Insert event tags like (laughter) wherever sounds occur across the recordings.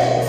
you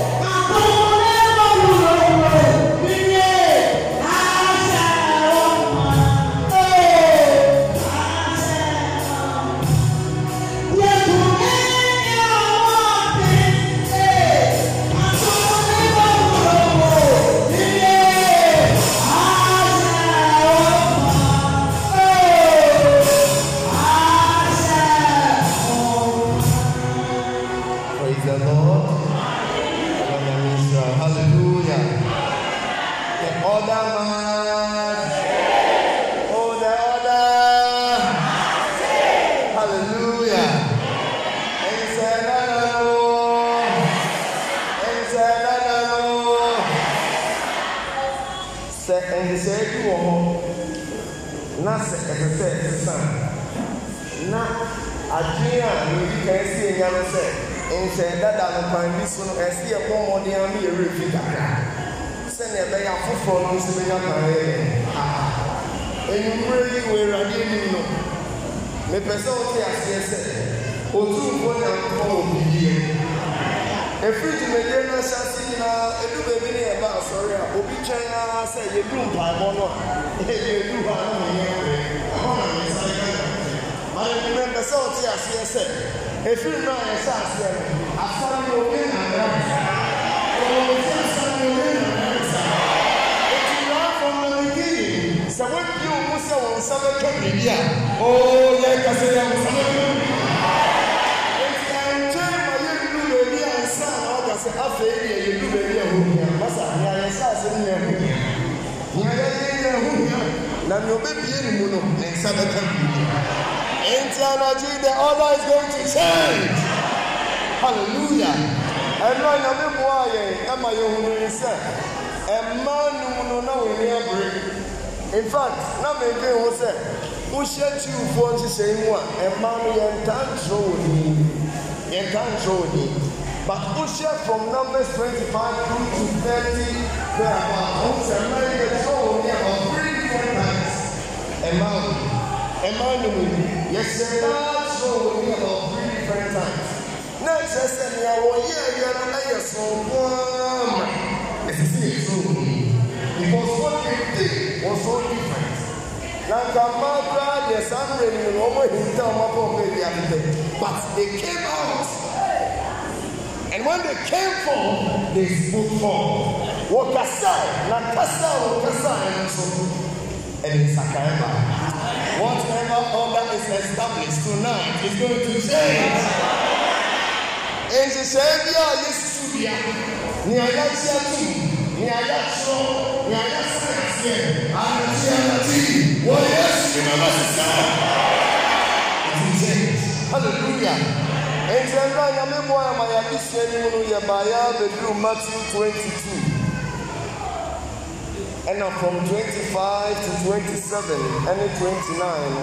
yɛn sɛ nhyɛ dada no kwan bi so no ɛsi yɛ bɔ mmɔden ano yɛ refi kakra sɛnea ɛbɛyɛ afoforɔ no nso bɛnya kwan yɛ yɛ enyimire yi wɔ awurade anim no mepɛ sɛ wote aseɛ sɛ otumfoɔ nyankopɔn wɔ biribiɛ ɛfiri dwumadie no ahyɛ ase nyinaa ɛdu baabi ne yɛba asɔre a obi twɛn ara sɛ yɛdu mpaebɔ no a (laughs) yɛdu hɔ ano yɛ ɛhɔ na yɛsa yɛ mayɛ bi mɛmpɛ sɛ wote aseɛ sɛ efiri náà yẹ sá ase ẹ asanu yẹ omi nàdá ọwọ ti asanu yẹ omi nàdá sá eti yọ afọ mọlẹki sẹ wọn di ọmọ sẹ wọn nsa bẹ tọ bìbí a ooo yẹ kasa yẹ nsa bẹ tọ bìbí eti ẹnjẹ ma yẹ dunu yẹ omi a nsa e a ọdọ sẹ afẹ yẹ yẹ yẹ dunu yẹ omi a wasa yẹ yẹ sá ase yẹ omi a yẹ yẹ yẹ omi a na ní ọbẹ bìyẹ ni mu no ẹ nsa theology, the other is going to change. Hallelujah. Ẹ̀rọ ìyàmí bu ayẹ ẹ̀ma I hun ní sẹ́, ẹ̀ma num no náà wò ní ẹ̀bùrẹ́. In fact, now mi gbé wọn sẹ́, wọ́n ṣe tí ìfọ́ ṣiṣẹ́ mu a, ẹ̀ma no yẹn ká ń tọ́ But wọ́n ṣe from numbers 25 through to thirty, bẹ́ẹ̀ bá wọ́n sẹ́ mẹ́rin yẹn tọ́ òní ẹ̀ ọ̀ three different times. Ẹ̀ma ẹ̀ma num ni yɛsɛ daa kyerɛ wɔn ni about three different times na kyerɛ sɛ nea wɔyɛ awia no ɛyɛ soronko ama ɛsisi yɛ turo because wɔn de de wɔn so different na nka mmaa koraa deɛ saa mmerɛ mu no wɔn ahinta wɔn abɔ wɔn baabi but they came out and when they came forth they spoke forth wɔkasa na kasa wɔkasa ɛnso ɛde nsakan baa. Whatever order is established tonight is going to change. Nhyehyɛ bi a yɛsusu bia, nea yɛahyɛ to, nea yɛatwerɛ, nea yɛasɛ aseɛ, anakye anakye, wɔ Yesu na basisa. Hallelujah. Nti ɛnna nyame bɔ ɛma yɛ abisua ni mu no yɛ baayɛ abɛduru Matthew twenty two ɛna from twenty five to twenty seven ɛne twenty nine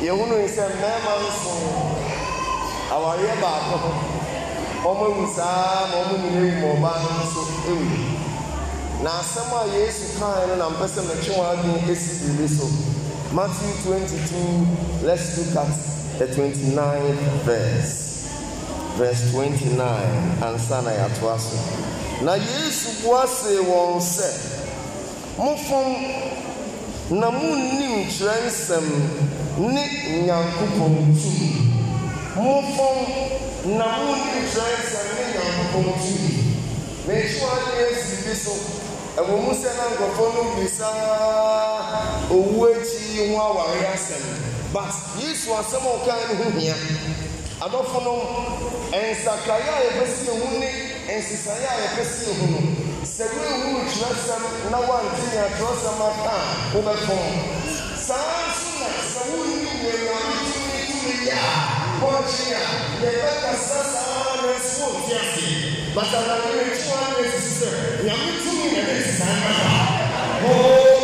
yɛhunu sɛ mmarima nson awareɛ baako ho wɔn awu saa ma wɔn nyinaa wu ma ɔbaa no nso awu na asɛm a yesu kan no na mpɛ mɛtwe wɔn adwene esi biribi so matthew twenty two let's look at the twenty nine verse verse twenty nine ansa na yɛatoa so. na yesu bua see wɔn sɛ mofom na munnim kyerɛ nsɛm ne nyankopɔn tum mofom na munnim kyerɛ nsɛm ne nyankopɔn tum mekyiwa ne asi bi so ɛwɔ mu sɛ na nkurɔfoɔ no bisaa owu akyi ho aware asɛm but yesu asɛm a ɔkaa ne ho hia adɔfo no nsakraeɛ a yɛbɛsi ehu ne nsesaeɛ a yɛpɛ sɛ yɛhu no sɛ woehu twerɛsɛm na woante nea twerɛsɛm aka a wobɛfom saa nso na sɛ wonni nyanyame tumi tumi yɛ a wɔnkye a yɛbɛkasa saa na ɛsɛ wɔnte ase basanane akyiwa na ɛsisi sɛ nyame tumi na ɛde saa nasa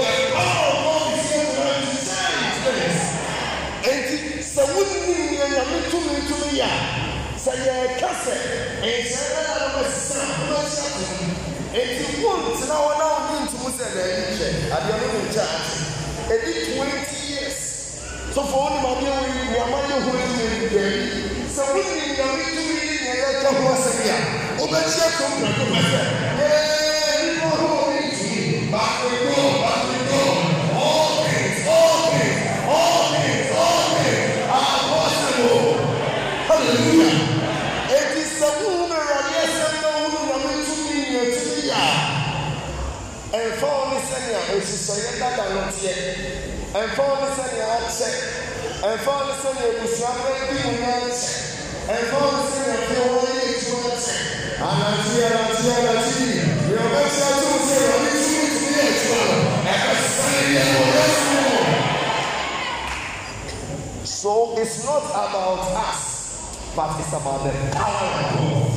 about us, but it's about the power of God.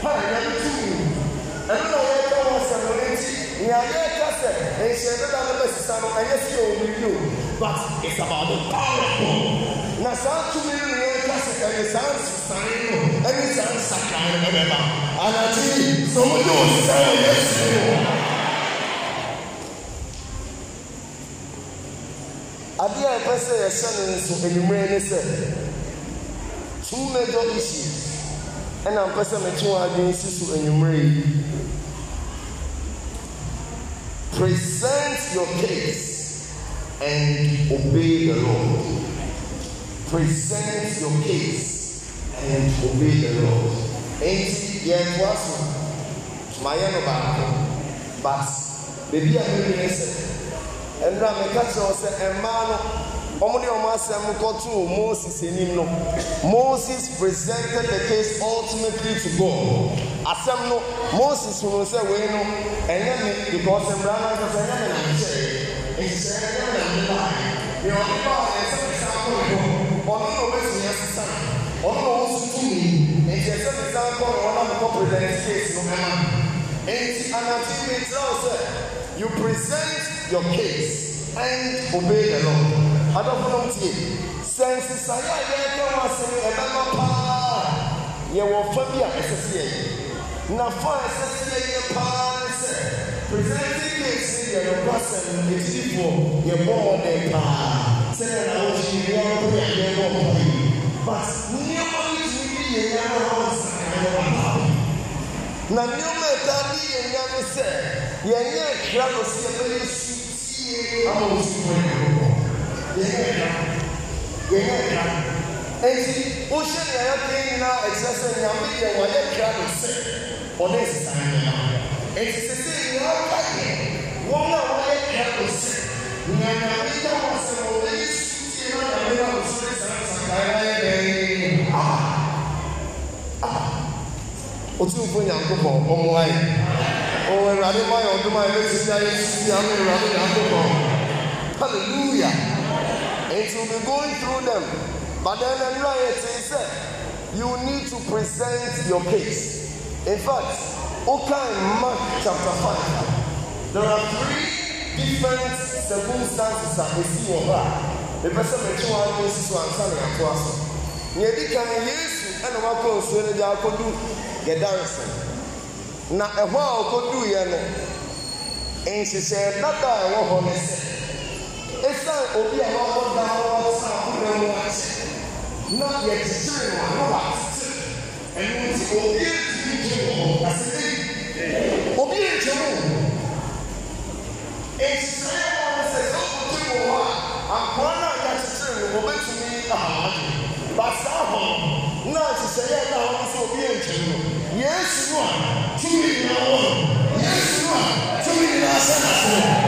Hi, let me tell you. I don't know where that was from. We are here just and she said that the best son of I yes you with you. But it's about the power of God. Na saa tumi ni yɛn kasa ka yɛ saa nsisan yi no ɛne saa nsakan yi ɛbɛba. Anagye sɛ wɔn yɛ ɔsisan wɔ yɛ si wɔ. adeɛ a ɛpɛ sɛ yɛhyɛ no nso enimire ne sɛ two major issues ɛna mpɛ sɛ mɛkye wɔn adwene si so anwummerɛ yi present your case and obey the law present your case and obey the law eti yɛn to aso ma yɛ no baako but beebi a mi yɛ sɛ ɛnura mi ka wɔ sɛ mmaa no wɔn de wɔn asɛm kɔtoo moses anim no moses presented the case ultimately to god asɛm no moses hunu sɛ wei no ɛnyɛ mi because mbura náà sɛ sɛ ɛnyɛ mi na nkyɛn nkyɛn ɛnyɛ mi na nkyɛn deɛ ɔno ba ɔyɛ sɛ nsa kɔn kɔ ɔno na ɔbɛ sɛ ɛsesa ɔno na ɔwɔ so tumi nkyɛn sɛ nsa kɔn na ɔno akɔkɔ present case no ɛma mi kyerɛw sɛ you present your case and obey the law adɔfonom tie sɛ nsesaeɛ a yɛreka ho asɛm ɛbɛma paa yɛwɔ fa bi a ɛsɛ sɛ yɛyɛ na fa a ɛsɛ sɛ yɛyɛ paa sɛ presenting case yɛ nokɔ asɛm ɛtidifoɔ yɛbɔ ɔden paa sɛdeɛ na wogye wɔn yɛ yɛbɔ ɔden but nneɛma no tumi bi yɛ nyɛ no ho nsɛnɛ paa na nneɛma ɛda bi yɛ nyɛ no sɛ yɛnyɛ kra no sɛ yɛbɛyɛ sutie ama osufoɔ yɛ nokɔ yɛyɛ kra enti wohyɛ nea yɛpɛ nyinaa ɛkyerɛ sɛ nyame yɛ wɔyɛ kra no sɛ ɔne nsesan nyina enti sese nyinaa ka yɛ wɔn a wɔyɛ kra no sɛ nea nyame yɛ wɔ sɛ wɔyɛ sutie na nyame yɛ wɔ so ne saa nsakan na yɛ dɛn a otumfo nyankopɔn ɔmo ayɛ ɔwɔ awurade ma yɛ ɔdoma yɛ bɛsi ayɛ sutie ama awurade nyankopɔn hallelujah it will be going through them but then the lawyer say sir you need to present your case in fact oka in mark chapter five there are three different circumstances that we see wɔ hɔ a mepɛ sɛ mɛtwe wɔn to nsi so ansa na yɛato aso nea edi kan yesu ɛna wakɔ nsuo no de akɔdu gedansi na ɛhɔ a ɔkɔdu yɛ no nhyehyɛ dada a ɛwɔ hɔ no sɛ esan obi a wabɔ da wɔwɔ sa akoma mu ati na yɛkyekyere no ano wa tete ɛnu nti obi etumi gye mu hɔ kasi eyi obi egye mu ekyekyere yɛ wɔn sɛ sɛ ɔkutu mu hɔ a akoma na yɛkyekyere no obetumi ahama do basa hɔ na ekyekyere yɛ da hɔ nso obi egye mu yɛn esi mu a tumi nyinaa wɔ yɛn esi mu a tumi nyinaa sɛ na so.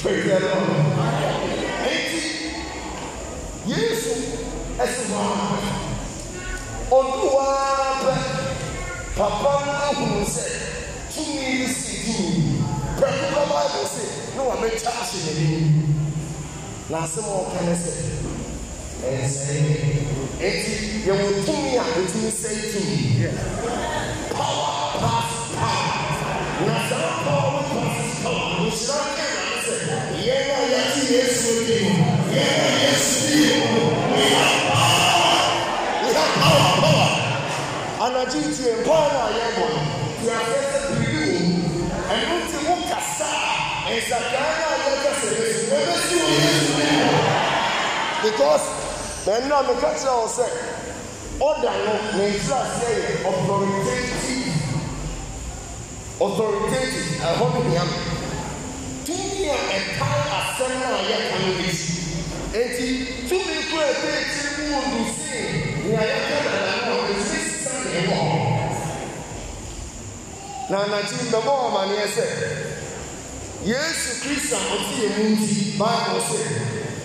Praise the Lord. Eti Yesu ɛsi hɔ ɔdu papa no ahunu sɛ tumi si duu pɛku ka baabu si na wa bɛ twa ahyɛ n'anim na asɛm a ɔka ne sɛ ɛnsɛn eti yɛ wɔ tumi a etumi sɛ anagye tie paul a yɛbɔ no tie aseɛ sɛ biribi wɔ mu ɛno nti wo kasa nsakaa no a yɛkasa yesu ɛbɛsi wo yesu ne mu because ɛno a meka kyerɛ wo sɛ ɔda no ne nkyerɛ aseɛ yɛ authoritative authoritative ɛhɔ no hia no tumi a ɛka asɛm no a yɛka no ne si enti tumi kura ɛbɛɛkyiri mu wɔ dusin nea yɛka nana na anakyi mbɛbɔ wɔn amaneɛ sɛ yesu kristo a ɔte yɛn mu nti baako sɛ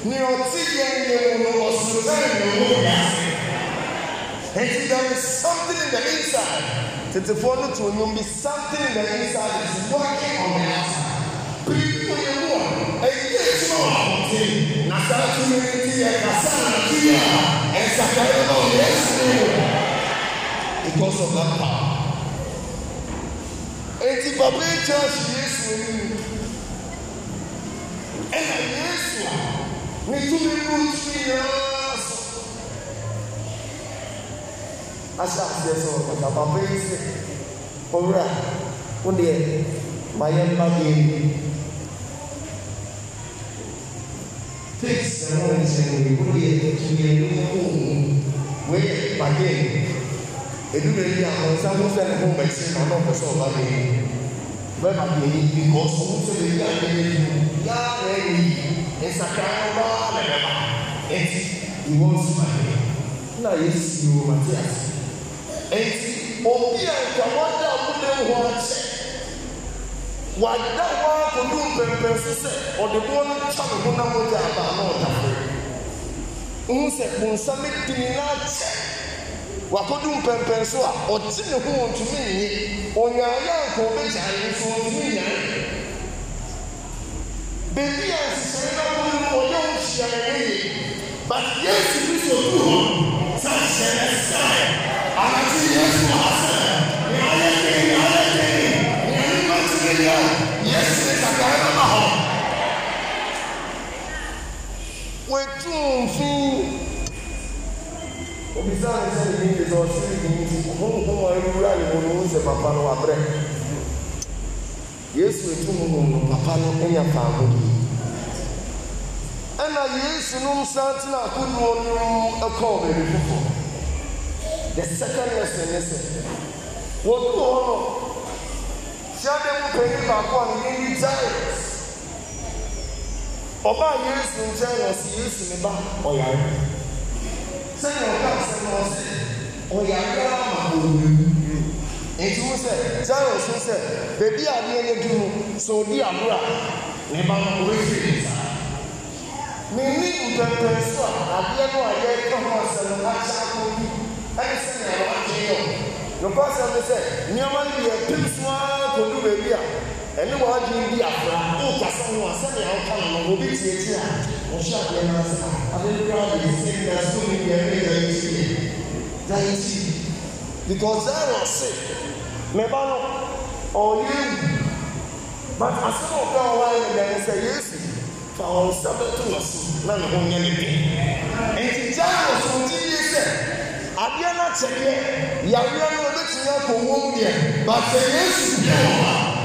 ne ɔte yɛn yɛn mu no ɔsoro bɛyɛ ne mu wɔ yase eti there is something in the inside tetefoɔ no to nnwom bi something in the inside is working on the outside people yɛ mu a eyi yɛ adwuma wɔ abɔnten na saa tumi ti yɛ kasa na ti yɛ a ɛsakari na ɔyɛ ɛsoro because of that power. Eti papa ekya ahye Yesu anim ɛna Yesu a ne tumi mu nsu nyinaa so. Ahyɛ aseɛ sɛ ɔkata papa yi sɛ ɔwura wo deɛ ma yɛ mma bie. Take sɛ wɔn nkyɛn wo deɛ tumi anim mu wo yɛ pake edumɛ yi a ɔnsa ho sɛ ne ho mɛkyi na ɔno ɔpɛ sɛ ɔba bɛ yi bɛma bɛ yi bi kɔ ɔsɔ ho sɛ bɛ yi a bɛ yi yaa na ɛyɛ yi nsakra ɔbaa na ɛbɛba ɛti iwɔ nso ma bɛ na yɛsi wo ma te ase ɛti obi a nka wɔda ɔmo na ɛwɔ akyɛ wada hɔ akɔdu mpɛmpɛn so sɛ ɔde boɔ no twa ne ho na mo aba na ɔda fo ho sɛ bonsam di ne na wakɔdu mpɛmpɛn so a ɔte ne ho ntumi nyi onyaayɛnko bɛgya ne so ntumi nyan beebi a nsesɛn na wɔn mu ɔyɛ ho hyia na yɛyɛ but yesu kristo du hɔ sɛ hyɛ ne sae anate yesu asɛ ne ayɛ den ne ayɛ den ne anima ti ne yɛ yesu ne kakra ɛbɛma hɔ wɔatu mfin obisa ne sɛ ne yi sɛ ɔsiri yi honhom a ewura ne mu no ho sɛ papa no wabrɛ yesu etu mu hom no papa no enya faako ɛna yesu no nsa tena akodoɔ no mu ɛkɔɔ baabi foforɔ the second lesson ne sɛ wɔduru hɔ no hyɛde mu panyin baako a ne yɛn yi giant ɔbaa yesu nkyɛn na ɔsi yesu ne ba ɔyare sẹ́yìn ọ̀gá ọ̀sẹ̀ náà ọ̀sẹ̀ ọ̀yàrá ama òwúrọ̀ ètí wọ́n sẹ̀ sẹ́yìn ọ̀sẹ̀ sẹ̀ bèbí àdéhùn yẹn dùn sọ òdi àbúrà ní bá wọn kò fi ìta ní ní mpẹpẹ so a adeɛ no a yɛka ho asɛm akyɛ akɔ bi ɛne sɛnea wɔatwe yɛ nokɔ asɛm ne sɛ nneɛma no yɛ pem so ara kɔdu baabi a ɛne wɔn adwene bi afra nkasa ho a sɛnea ɔka no no obi tiatia a wɔhyɛ adeɛ no ase adekura de ɛsi na so ne deɛ ne da ɛti yɛ da ɛti because ɛyɛ wɔ se mɛba no ɔyɛ ewu but asɛm a ɔka ɔwɔ ayɛ ne deɛ sɛ yesu fa wɔn nsa bɛto wɔ so na ne ho nyɛ ne deɛ nti gya wɔ so ti yie sɛ adeɛ no akyɛ deɛ yareɛ no obetumi akɔ wɔm deɛ but sɛ yesu deɛ wɔ a.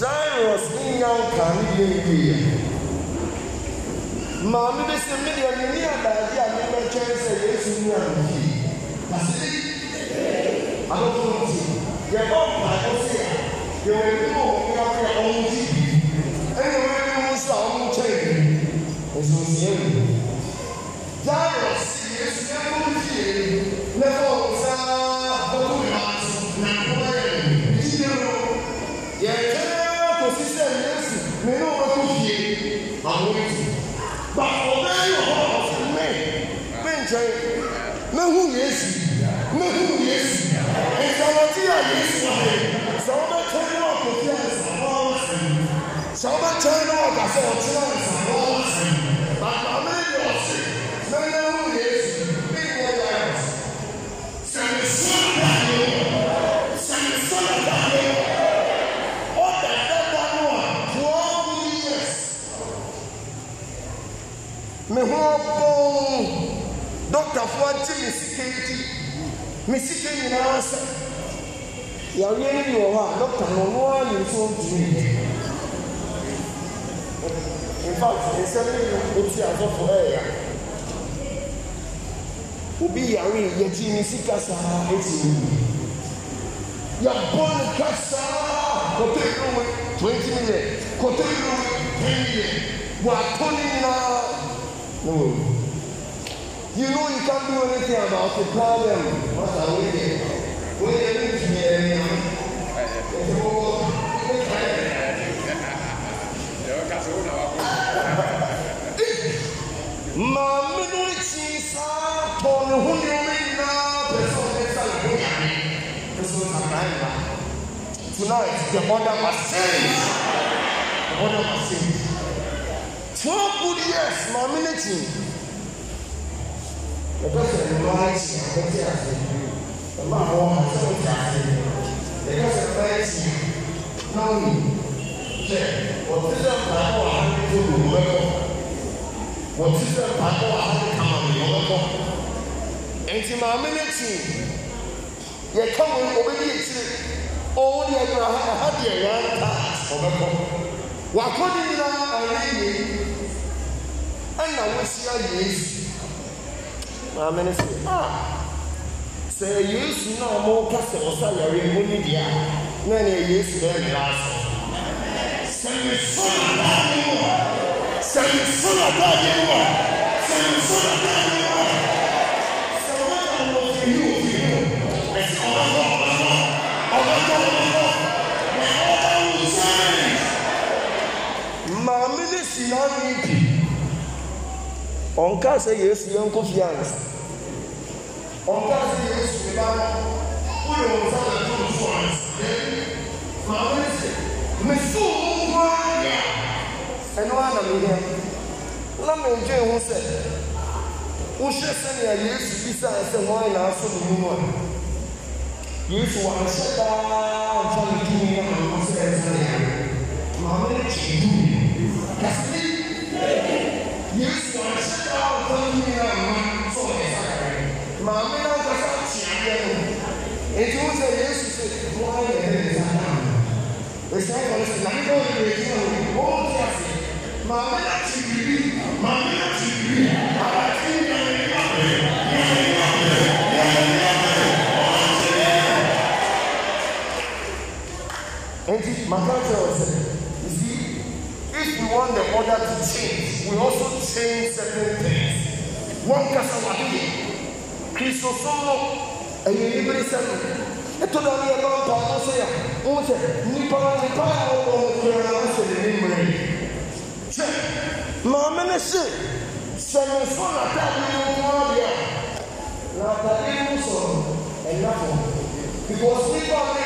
jairus nya nka ne yɛyie maame bi sɛ me deɛ menni adaade a mebɛkyɛn sɛ yesu ni anhie ase adɔfo nti yɛbɔ mpaeɛ se a yɛwɔ bi ma wɔn ya kora wɔn gyi bi ɛnna wɔn anim nso a wɔn kyɛn bi nsonsiɛ bi mẹ́rin náà wọ́n tún fìyè àwọn ètò gbà ọ̀bẹ́ yóò họ́ ọ̀fẹ́ mẹ́ mẹ́ nkyɛn mehu yesu mehu yesu nsawɔti a yesu wɔ hɛ sɛ wɔbɛkyɛn na ɔkɔfi a sɛ wɔbɛkyɛn na ɔkasa ɔkyerɛ a me sika nyinaa sɛ yareɛ no bi wɔ hɔ a dɔkta no ɔno ara ne nso ntumi infact nsɛm yi no ɛti asɔfo ɛɛya obi yare yɛgye ne sika saa ɛti mu yɛbɔ ne kasaa kɔtɔ iruwe twenty million kɔtɔ iruwe ten million wɔatɔ ne nyinaa You know you can't do anything about the problem. What are we doing? We need to be here. Maame no ekyi saa bɔ ne ho nneɛma nyinaa pɛ sɛ ɔde nsa ne ho yare pɛ sɛ ɔde nsa ne ba. Tonight the mother must change. The mother must change. Twelve good years maame no ɛdɔsɛ mmaa akyi abɛte ase mmaa a wɔn ase wɔte ase ɛdɔsɛ mmaa akyi naomi hwɛ wɔte sɛ mpaako a wɔn to wɔn bɛkɔ wɔte sɛ mpaako a wɔn kama wɔn bɛkɔ nti maame ne ti yɛka mu obedi akyire ɔwɔ deɛ ɛdura ha ɛha deɛ yɛanta ɔbɛkɔ wakɔ ne nyinaa ayɛ yie ɛna wɔsi ayɛ yie maame no sɛ ah sɛ yesu na ɔmo ka sɛ ɔsa yare mu ni deɛ na ne yesu bɛɛ mmerɛ asɔ sɛ nsono adaade mu hɔ sɛ nsono adaade mu hɔ sɛ nsono adaade mu hɔ sɛ wɔn a wɔn fi yi ofi mu ɛsɛ ɔbɛbɔ ɔbɛbɔ ɔbɛbɔ ɔbɛbɔ na ɔbɛbɔ nsɛn maame no si na ɔmo yi bi ɔnka sɛ yesu yɛn ko fia no ɔnka sɛ yesu yɛn ba no woyɛ wɔn nsa na tom so ɔn sɛ maa mi sɛ mesu wɔn ho ayɛ ɛno ara na mi yɛ na mi n dwen ho sɛ wohyɛ sɛnea yesu bisa sɛ wɔn ayɛ n'aso ne mu a yesu wɔn ahyɛ daa nfa ne tumi na wɔn sɛ ɛsɛ yɛ maa mi kyi. My friend said, you see, if we want the order to change, we also change certain things. One kasawadi, Kristosomo, ẹ̀yẹ ibiri sẹ́nu. Ètò náà ní ẹ̀bá ọ̀tọ̀ ọ̀tọ̀ sọ yà, wọ́n sẹ̀ nípa nípa àwọn ọmọ ìrìn àwọn ṣe lè ní mìíràn. Ṣé màmí ní ṣe sẹ̀yìn fún àtàkùn ní wọ́n bí a? Nàtàlí ń sọ̀rọ̀ ẹ̀yà fún mi. Because nípa mi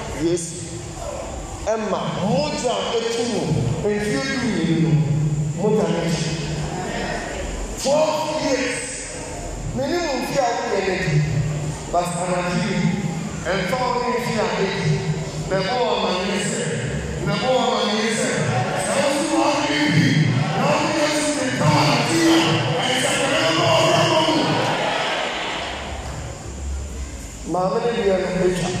yes ɛma mogya etu mu nfie du mmienu no twelve years mene mu nfi a woyɛ no di but anadiri ɛmfa wo ne nfi a ɛdi bɛbɔ wɔ ma sɛ bɛbɔ ma sɛ sɛ so wɔ ne bi na wo yɛ so ne ka wɔ ati a ɛsɛ sɛ bɛbɔ wɔ ma mu maame ne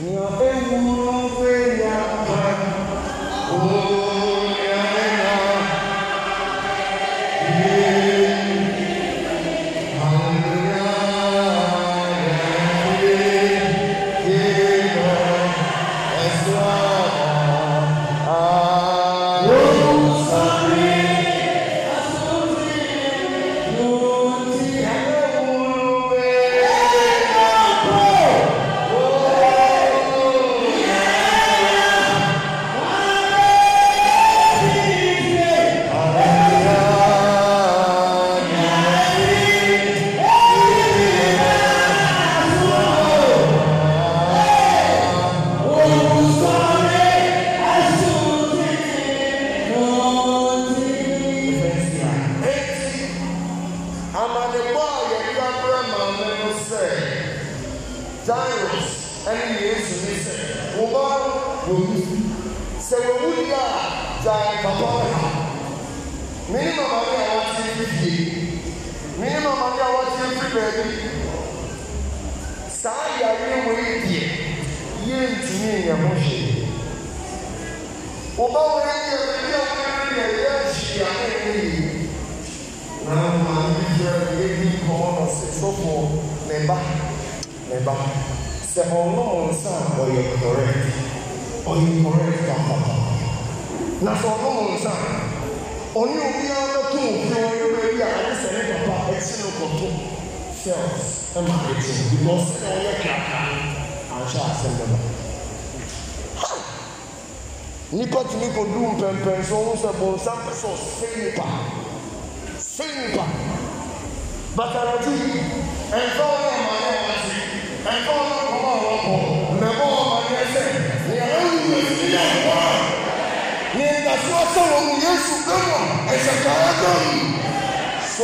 Minha pergunta é a mãe.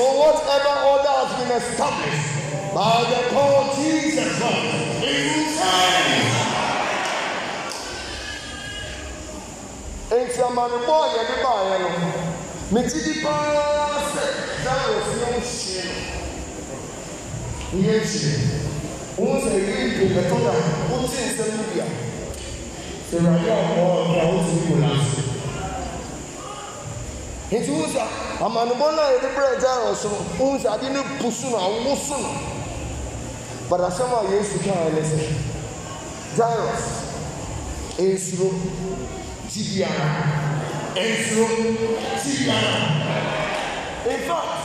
or whatever order has been established by the call Jesus Christ in time. Nti amanibɔ a yɛde baayɛ no, ne ti di paa sɛ Jairus yɛ nhyia no, yɛ nhyia. Wɔn sɛ yɛ ndu ɛtɔ na wɔte nsɛm bi a, sɛ wɔn ayɛ ɔwɔ ɔwɔ a wɔte mu nti wusa amanubɔ no a yɛde brɛ gyaaro so no wusa ade ne pusu no awoso no but asɛm a yesu kaa ne sɛ gyaaro nsuro tibiara nsuro tibiara in fact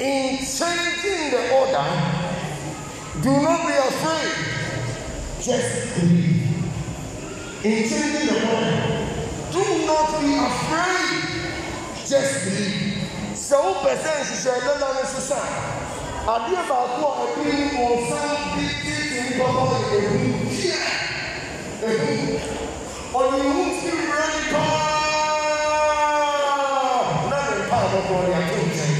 in changing the order do not be afraid just believe in changing the order. Do not be afraid. Just believe. Sɛ wo pɛ sɛ nhyehyɛ ɛdada no so sa, adeɛ baako a ɛbi ɔsan bi titi nkɔkɔ ehu fia ehu. Ɔyɛ ihu ti rɛ paa. Na ne paa bɔbɔ ne ato nkyɛn.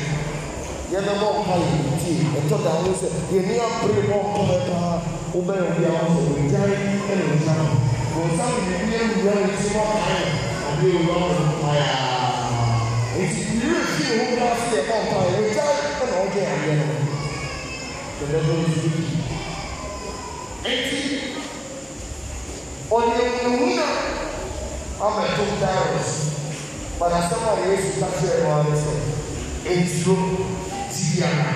Yɛn bɔ mpa yɛ ti ɛtɔ da ho sɛ yɛn ni apere bɔ mpa yɛ paa. Wobɛn bi a wɔn sɛ wɔn gya ɛna wɔn gya. Wɔn nsa mi bi yɛ nwura yɛ ti wɔn ayɛ adeɛ o wɔn wɔn mpaeɛ eti yiri fi wo ho bia se yɛ ka mpaeɛ yɛ gya ɛna ɔgye adeɛ no tɛnɛ bɛ wɔn ti bi eti ɔde ewu na ama ɛto dairos bana asɛm a yɛ esi ka kyerɛ wɔn ano sɛ etuo ti biara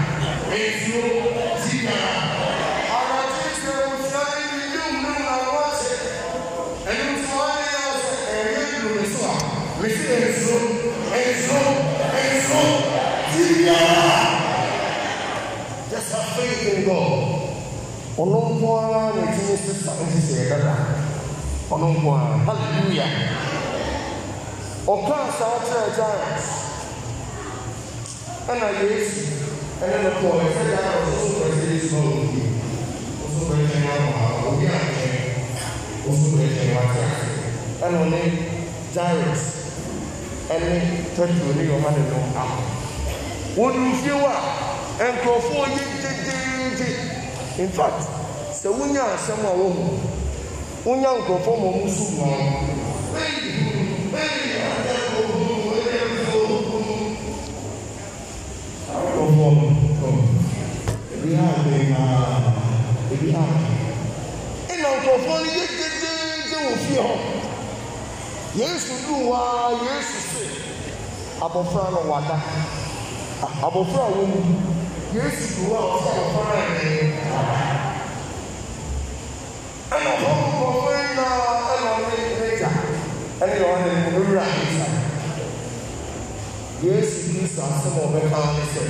biara just have faith in God ɔno nko ara na ɛtumi sesa nsesa yɛ dada ɔno nko ara hallelujah ɔkaa saa kyerɛ giant ɛna yesu ɛne ne kɔɔ ɛsɛ giant ɔso so pɛsɛ yesu na ɔwɔ bi ɔso pɛsɛ na ɔwɔ ha obi atwɛn ɔso pɛsɛ na ɔte ase ɛna ɔne giant ɛne petro ne yohane no wɔn fie hɔ a nkurɔfoɔ yɛ gyegyeegye in fact sɛ wonya asɛm a wɔn wonya nkurɔfoɔ ma wɔn so wɔn. ɛna nkurɔfoɔ no yɛ gyegyeegye wɔ fie hɔ yesu dum hɔ a yesu se abɔfra no wada abɔfra a wɔn mu yesu kuruwa a wɔsɛ abɔfra yɛ ɛna wɔn nkɔfra yi na ɛna wɔn ɛgya ɛna wɔn ne nwura nsa yesu kristu asɛm a ɔbɛka wɔn sɛ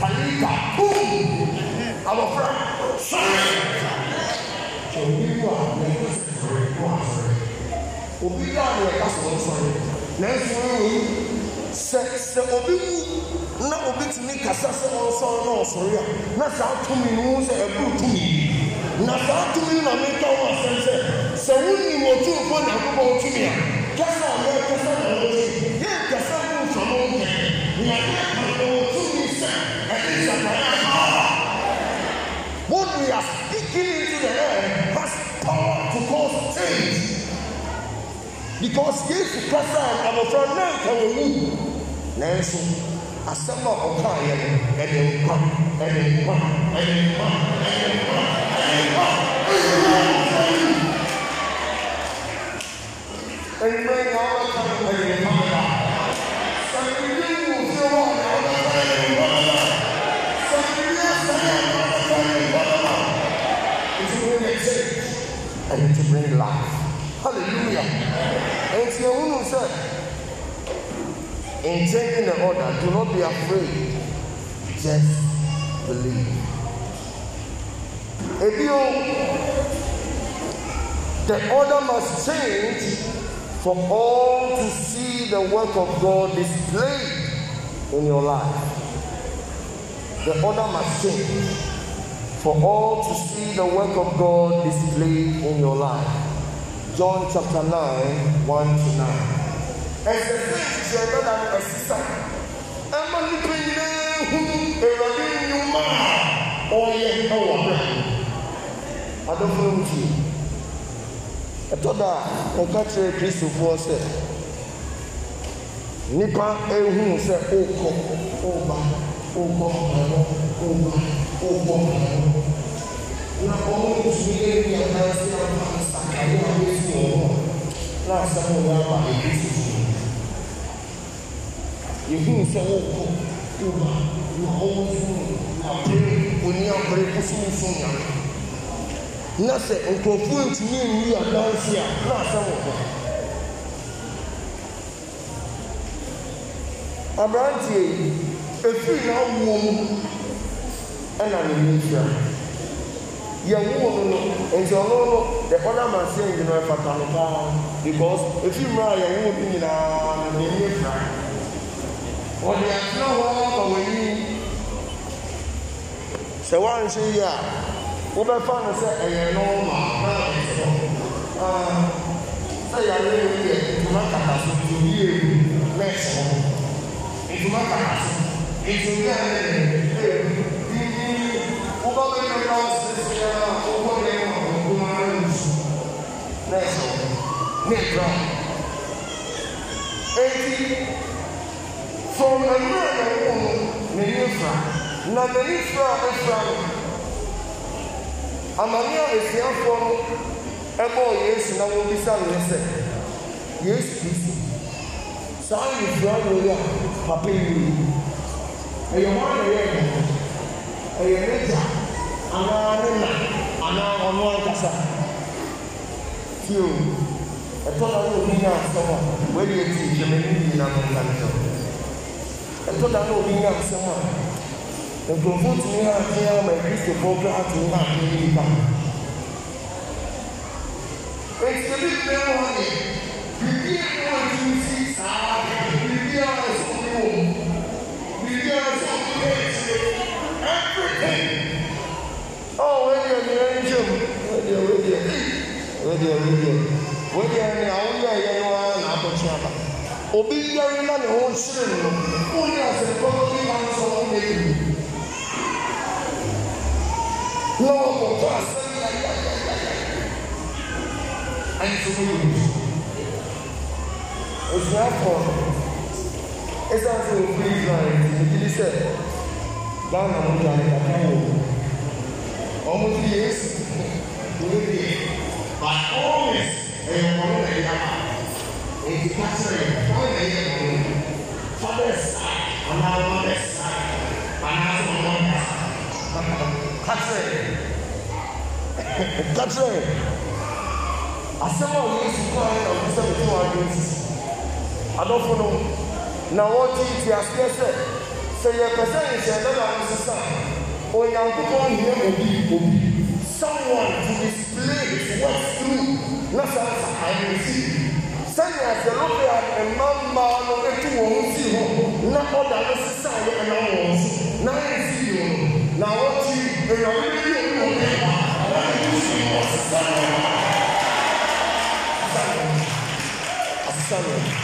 talita boom abɔfra sɔre obi mu a n'ani sɛ sɔre kó asɔre obi yɛ a n'ɛka sɔre sɔre n'ɛsɛ wɔn wɔ yi sɛ sɛ obi mu na obi tumi kasa sɛ ɔnsɔn na ɔsɔre a na saa tumi no ho sɛ ɛkuru tumi na saa tumi na meka ho asɛm sɛ sɛ wonim ɔtumfo nyankopɔn tumi a kasa a yɛkasa na ɔde yɛn kasa ho mfama ho pɛ na yɛka na ɔtumi sɛ ɛne satana What we are speaking into the air has power to cause change. Because if Christ and our friend now can remove nanso asɛm a ɔkaeɛ no ɛde nkwa ɛde nkwa ɛde nkwa ɛde nkwa ɛde nkwa ɛnumɛ na ɔbɛka no ɛde nkwa na sɛnbi mu fi hɔ na ɔbɛka ɛde nkwa na sɛnbi asɛm a ɔbɛka ɛde nkwa na nti wɔn yɛ kyɛ ɛde to bring life hallelujah ɛnti ɛhunu sɛ. In taking the order, do not be afraid. Just believe. If you, the order must change for all to see the work of God displayed in your life. The order must change for all to see the work of God displayed in your life. John chapter 9, 1 to 9. ɛsɛ sɛ ɛhyehyɛ ɛbɛda no ɛsesa ɛma nipa nyinaa hu awurade nnwuma a ɔyɛ ɛwɔ berɛ adɔfo no ɛtɔ da ɔka kyerɛ kristofoɔ sɛ nipa ehu sɛ ɔkɔ ɔba ɔkɔ ɛwɔ ɔba ɔkɔ ɛwɔ na ɔmo nsu yɛ nyɛ nansi ama asakawo a wosi wɔ hɔ na asɛm wɔ aba ebi si yehun sɛ wokɔ woba na ɔmofom apere oni apere kosomsom nyame na sɛ nkurɔfoɔ ntumi nni adanse a na asɛm wɔ aberanteɛ yi ɛfiri na awoɔ mu ɛna ne ni fia yɛwoɔ no no nti ɔno no the other man sɛ nyina ɛfata no paa because ɛfiri mmerɛ a yɛwoɔ no nyinaa ne ni fia wɔde atena hɔ ama w'ani sɛ woanhwɛ yi a wobɛfa no sɛ ɛyɛ nɔɔma na ɛsɛ sɛ yare yɛ mu yɛ ntoma kata so ntomi yɛ mu na ɛsɛ hɔ ntoma kata so ntomi yɛ mu yɛ mu yɛ mu wobɛbɛyɛ na ɔsese yɛ na wobɛyɛ na ɔnkoma na nsu na ɛsɛ hɔ ne ɛdra eti fɔm ɛnu a ɛwɔ mu n'ani fura na n'ani fura a ɛfura no amani a esuafoɔ no ɛbɔɔ yesu na wɔbisa wɔn sɛ yesu kristu saa nifura wɔyɛ a papa yi yi ɛyɛ wɔn na ɛyɛ ɛyɛ ɛyɛ ne gya anaa ne na anaa ɔno ankasa fio ɛtɔ na wɔn mu yɛ asɛm a wɔde eti twɛmɛ ne nyinaa no nkankyɛn ɛtɔ da no obi nya nsɛm a nkurɔfoɔ tumi ha mpea ma akristofoɔ kora tumi ha mpea ne nipa ɛtɛ bi pɛ wɔ ne biribi a ɛwɔ ti si saa biribi a ɛsɛ ɔmo wɔ mu biribi a ɛsɛ ɔmo wɔ akyire everything ɔ wɔde ɔnyina ne gyam wɔde wɔde wɔde wɔde wɔde wɔde ɛne ahoyɛ ɛyɛ no ara na abɔkye aba obi yɛre na ne ho hyere no wonyɛ asɛmpɔ bi ma nso wo ne yi na wɔkɔtɔ asɛm na ɛnso no yi asuafo ɛsiane sɛ wɔfiri israel nti megyedi sɛ ghana mo gya ne kakra wɔ ɔmo de yesu wɔbɛdi but always ɛyɛ wɔn na ɛyɛ ama nti kakyere wɔn na yɛ wɔn mu fathers anaa mothers anaa sɛ wɔn na kakyere kakyere asɛm a wɔn si kɔ ayɛ na wɔn sɛ wɔn ti wɔn adwene si adɔfo no na wɔn ti ti aseɛ sɛ sɛ yɛpɛ sɛ nhyɛn dada no sisa onyankopɔn nyɛ obi obi someone to display what's true. through na saa sakan no si. sɛnea zelofia mmamma no ɛtu wɔn si hɔ na ɔda no sisa yɛ ɛnam wɔn so na ɛnsi yi wɔn na wɔtwi ɛnyɔnwe bi yɛ wɔn bi wɔsi wɔn sisa yɛ asisa yɛ.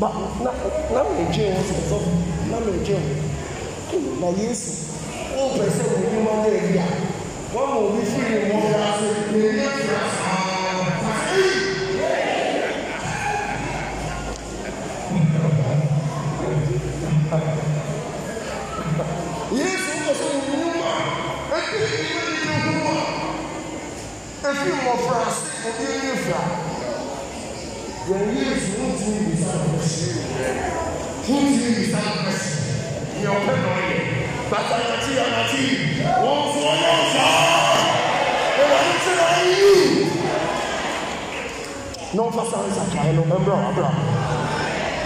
ba na na mmeje wɔn sɛ na mmeje wɔn na yesu wɔn pɛ sɛ wɔn yi wɔn ayɛ a wɔn ma omi firi wɔn yɛ ase na ebi afira saa ba ee. yesu wɔ sɛ wɔn mu a ɛkɛ ɛkɛ ɛkɛ ɛkɛ mu efi wɔn ase ɛbi ɛyɛ fura yɛn yi who without the Who Who's without mercy? Yẹ ọ̀pẹ náà yẹ. Bàtà yàtí yàtí wọ́n fún ọ náà fà á. Ìwà ní ti rà yìí. Náà fà you. No ẹ̀ lọ, ẹ̀ bẹ̀rẹ̀ wà bẹ̀rẹ̀.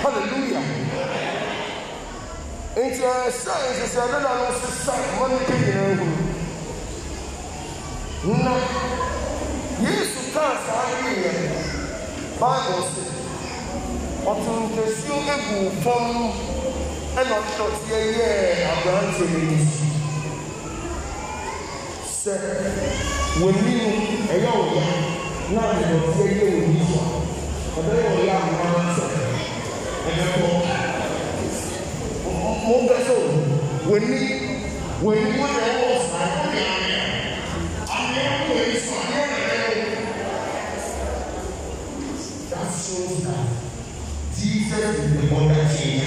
Hallelujah. Nti ẹ sẹ nsesẹ ẹdẹ na no sisa ẹmọ ne bi nyinaa hu. Na Yesu kaa saa yi yɛ Bible sɛ ɔtentasio egu fam ɛna ɔtɔteɛ yɛɛ aberante no mu sɛ wɔni no ɛyɛ ɔya na ɔtɔteɛ yɛ wɔni so a ɔbɛyɛ ɔya ahoma sɛ ɛbɛkɔ mo bɛ so wɔni wɔni wɔn na ɛwɔ saa ɛwɔ yɛ ameɛ wɔni so ameɛ na ɛwɔ yɛ that's so sad defeated the modern change.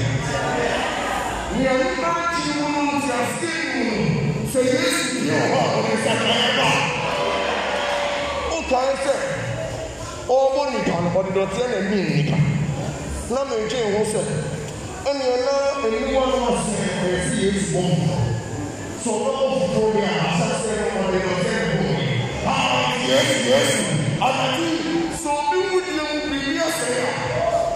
Wọ́n ní bá jí wọn ti àṣẹ ìwọ̀n ṣe Yéṣu yóò wà lórí sàkàyà bá. Ó kà á sẹ̀, ọmọ nìkan ọ̀dọ̀dọ̀tì mi. Àwọn Yéṣu Yéṣu àtàkì sọ̀rọ̀ bí di ẹ̀ mú bìbí ẹ̀sẹ̀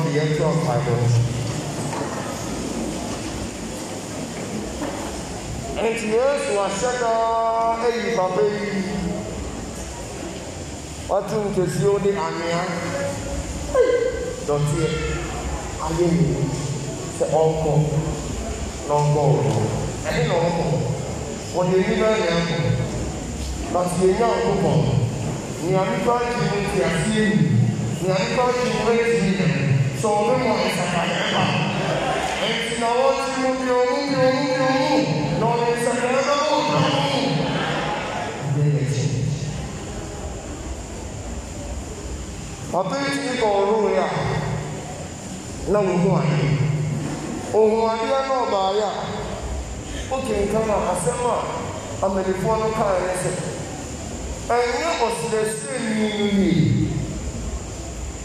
from the entry of my vote. 80 years wahyɛ daa ayi papa yi wate nkesio de anwea dɔteɛ ayɛ yi sɛ ɔnkɔ na ɔnkɔ ɔwɔ ɛne na ɔnkɔ wɔde yi na ɛyɛ nkɔ bati enya nkokɔ nea nipa akyi mu ti aseɛ yi nea nipa akyi mu ɛyɛ ti yi na sọ ọmọ mọ nsakaya ba eti na wọn ti mu bi ọmu bi ọmu bi ọmu na ọmọ nsakaya ba wọn na ọmu. ọbẹ̀ yìí kọ̀ ọ̀rùn yà na wò hu ayé òhun adeɛ náà baayɛ a otu nkan a asɛm a amadifoɔ no kaa ne sɛ ɛnyɛ ɔsrɛsrɛ nii no yie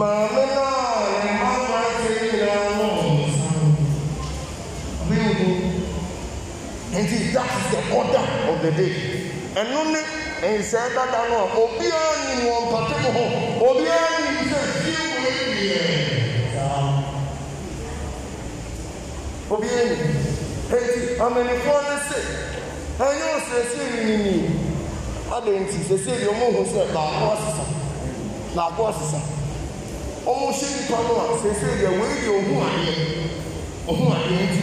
maame naa ne mmaa ase nyinaa no biibu nti that is the order of the day ɛno ne nsɛ dada no a obiara nim wɔn mpate mu hɔ obiara nim sɛ fie wɔ ebie obiara nim eti amanifoɔ ne se ɛnyɛ osiesie nyinyi adanti siesie deɛ ɔmo ho sɛ baako asesa baako asesa wɔn hyɛ nipa no a sese yɛ wei yɛ ohun adeɛ ohun adeɛ nti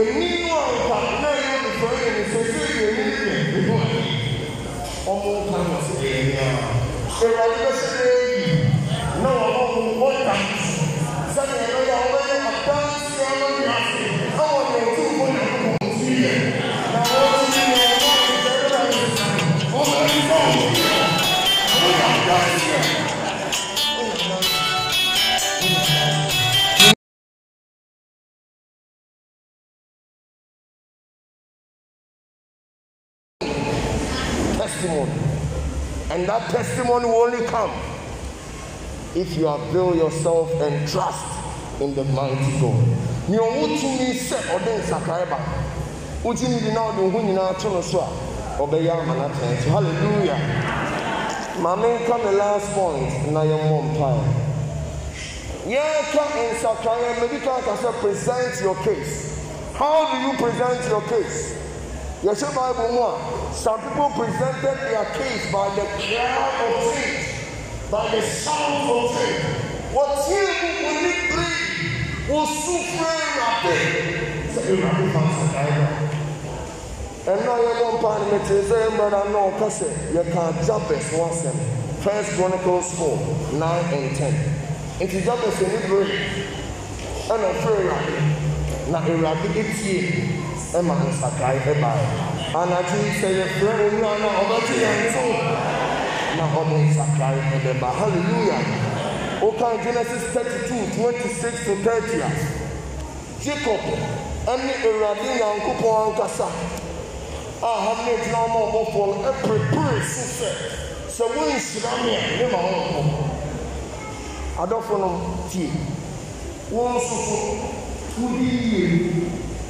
eni no a nka na yɛ nifa yɛ no sese yɛ eni yɛ ohun adeɛ wɔn nka no sɛ ɛyɛ nyinaa ewurade bɛ hyɛ yɛ yi na wɔn wɔn wɔn ta. testimony will only come if you avail yourself and trust in the mighty God. Ní ọ̀hún tún ní sẹ́ ọ̀dẹ́ ìsàkáyébà, ó ti ní di náà ọ̀dẹ̀ òhun nyinaa tó lọ so a ọbẹ̀ yá àmà tẹ̀ ẹ́ hallelujah. Maame nka mi last point na yẹ mọ̀ mpa ẹ̀. Yẹ́n ká nsàkáyé medical kasa present your case. How do you present your case? yɛhyɛ bible mu a some people presented their case by the cloud of faith by the sound of faith wɔtie mu wɔne bere wɔsu fura awurade sɛ awurade fa nsɛdaeɛ ɛnna yɛbɔ mpa ne mekyerɛ sɛ yɛ mmerɛ na ɔka sɛ yɛka jabes ho asɛm first chronicles four nine and ten nti jabes ani bere ɛna fura awurade na awurade etie ɛma ho ebe ɛbaa a nso na ɔmo nsakrae ɛbɛba hallelujah woka genesis 32 26 to 30 a jacob ɛne awurade nyankopɔn ankasa a hamne gyina ɔma ɔbɔfoɔ no ɛprepere so sɛ sɛ wonhyira me a ne ma wɔnkɔ adɔfo no tie wo nso so wodi yie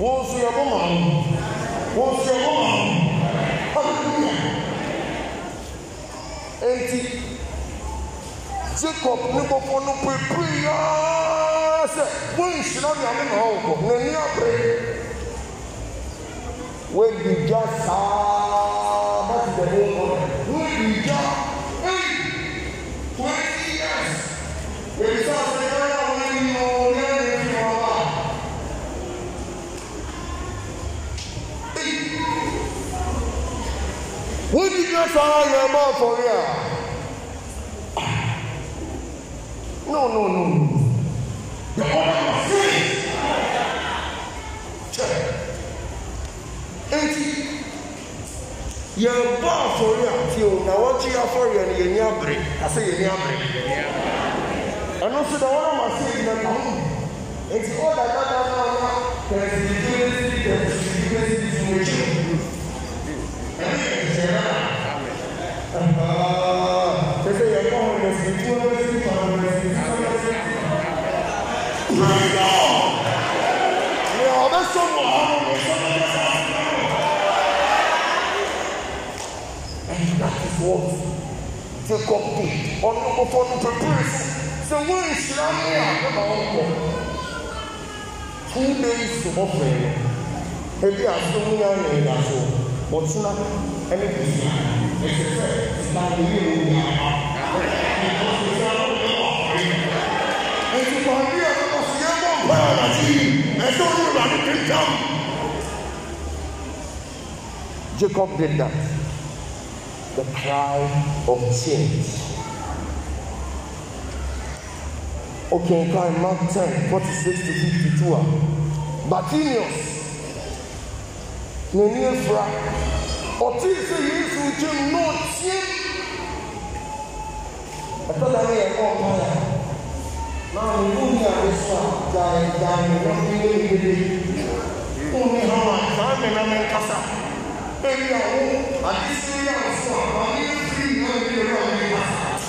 wɔn nso yɛ bɔ maa mu wɔn nso yɛ bɔ maa mu hallelujah eti jacob ne kɔkɔ no pepere yaa sɛ wɔnhyira nyame na ɔwɔ n'ani abere wɔadi gya saa ba ti dɛm wɔn. wodi nyɛ saa yɛ ma afɔre a no no no the order of faith kyɛ eti yɛn ba afɔre a tie o na wɔkye afɔre a no yɛn ni abere ase yɛn ni abere ɛno nso da wɔn ama se yɛn na ho eti order dada na ɔna kɛse Jacob did ọ̀nà ọ̀fọ̀ ní prepares sẹ wọ́n ìṣúná mú à ẹ̀ma ọ̀pọ̀ two days ọ̀fọ̀ ẹ̀yẹ ebi àti ọ̀hún yà ń rìn ìrìn àjò ọ̀túnà ɛne busua ɛsɛ sɛ sika ne yie wo nyina nti bɔnbi jacob did that the cry of change okay cry mark ten forty six to fifty two ah bartimaeus n'ani efura. Faut-il essayer sur Dieu non Attends, d'aller est comprendre. Non, mais vous n'y avez pas. D'aller, d'aller, d'aller, d'aller. On est en train de me casser. Et il y a où À 10 ans, on soit. On est pris, on est pris, on est pris.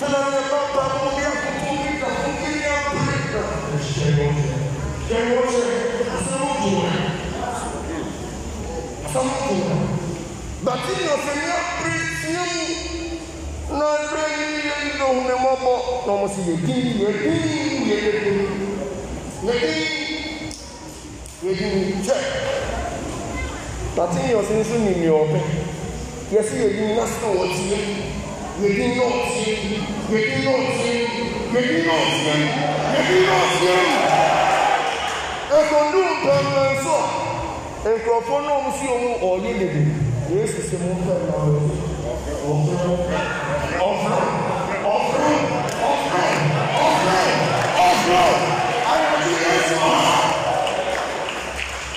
T'as l'air de pas parler, on est à tout, on est à tout, on est à tout. J'ai mangé. J'ai mangé. C'est mon jour. something but nnɔfɛnyɛ bere teɛ mu na adwene yi yɛ yi na ohun mmɔbɔ na wɔn si yɛ din yɛ din yɛ yɛ din yɛ din yɛ din kyɛ but nnɔfɛ nso ni nea ɔbɛ yɛsi yɛ din na so wɔ tie yɛ din na ɔtie yɛ din na ɔtie yɛ din na ɔtie yɛ din na ɔtie ɛkɔndu mpɛmpɛ nso nkurɔfoɔ no ɔmo si ɔmo ɔne dede yesu sɛ mo fɛ na ɔmo ɔforo ɔforo ɔforo ɔforo ɔforo ɔforo ayɔbi yesu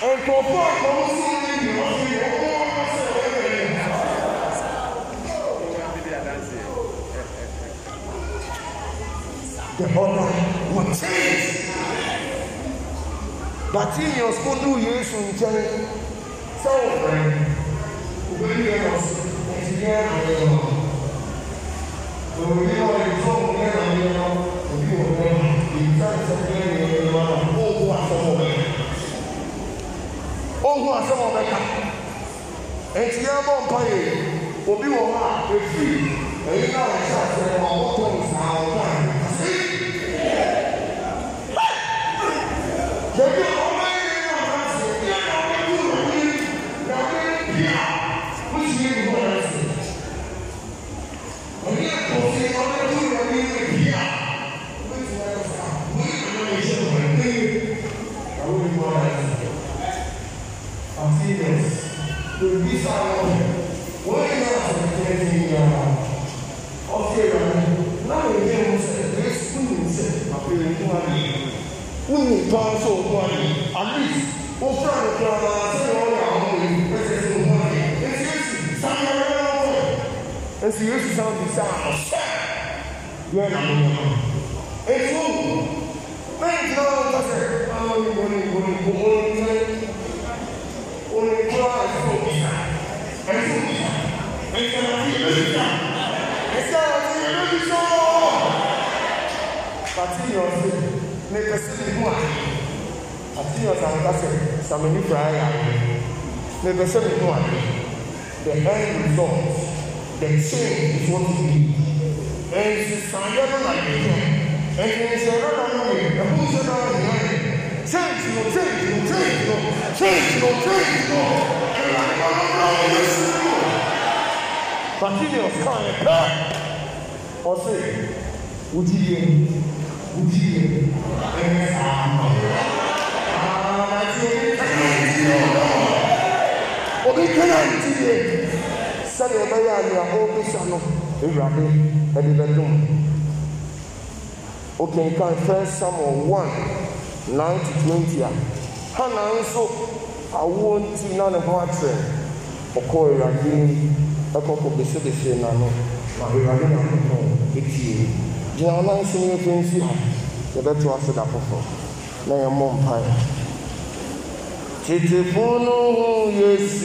ɔmo nkurɔfoɔ a ɔmo si ɔmo yi ɔmo yi ɔmo ɔmo sɛ ɔmo yɛ yi. The honor will change. Bartimaeus kó dùn Yesu nkyɛn sɛ ɔfrɛ Obedienus ɛti yɛ ayɛ no obi wɔ ne tɔn mu yɛ na yɛ no obi wɔ hɔ ebisa nsɛm yɛ na yɛ no a ɔnhu asɛm ɔbɛka ɔnhu asɛm ɔbɛka ɛti yɛ bɔ mpa yɛ obi wɔ hɔ a efiri ɛyi na ɔhyɛ asɛm ɔbɔtɔ. nti yesu san bi sa ɔsɛ yɛ n'anoma etu bɛyi gyina wɔn kɔ sɛ ɔmo ni wɔn ni wɔn ni wɔn ni wɔn ni wɔn ni kura ɛfu bisa ɛfu bisa ɛsɛ ɔti yɛ bisa ɛsɛ ɔti yɛ bisa pati yɛ ɔsi ne pɛsi bi mu a pati yɛ ɔsi ahoka sɛ samani fura yɛ ayi ne pɛsi bi mu a the end result the change is what you need. Nsesanyɛ no na yɛ yɛ. Nsesanyɛ no na yɛ yɛ. Ɛho nso na change. yɛ. Change no change no change no change no change no. change, no na yɛ si no. Bartimeus kan yɛ pɛ. Ɔse, wodi yɛ, wodi yɛ, ɛnyɛ saa ma. Obi kan na ti yɛ sɛdeɛ ɛbɛyɛ a nea ɔrebisa no awurade ɛde bɛdom okenkan fɛn samuel one nine to twenty a hana nso awoɔ nti na ne ho akyerɛ ɔkɔ awurade ɛkɔkɔ besebese n'ano na awurade na ɔkɔ etie gyina ɔnan so ne yɛfɛ nsi ha yɛbɛto ase da foforɔ na yɛmmɔ mpaeɛ tete funu yesu.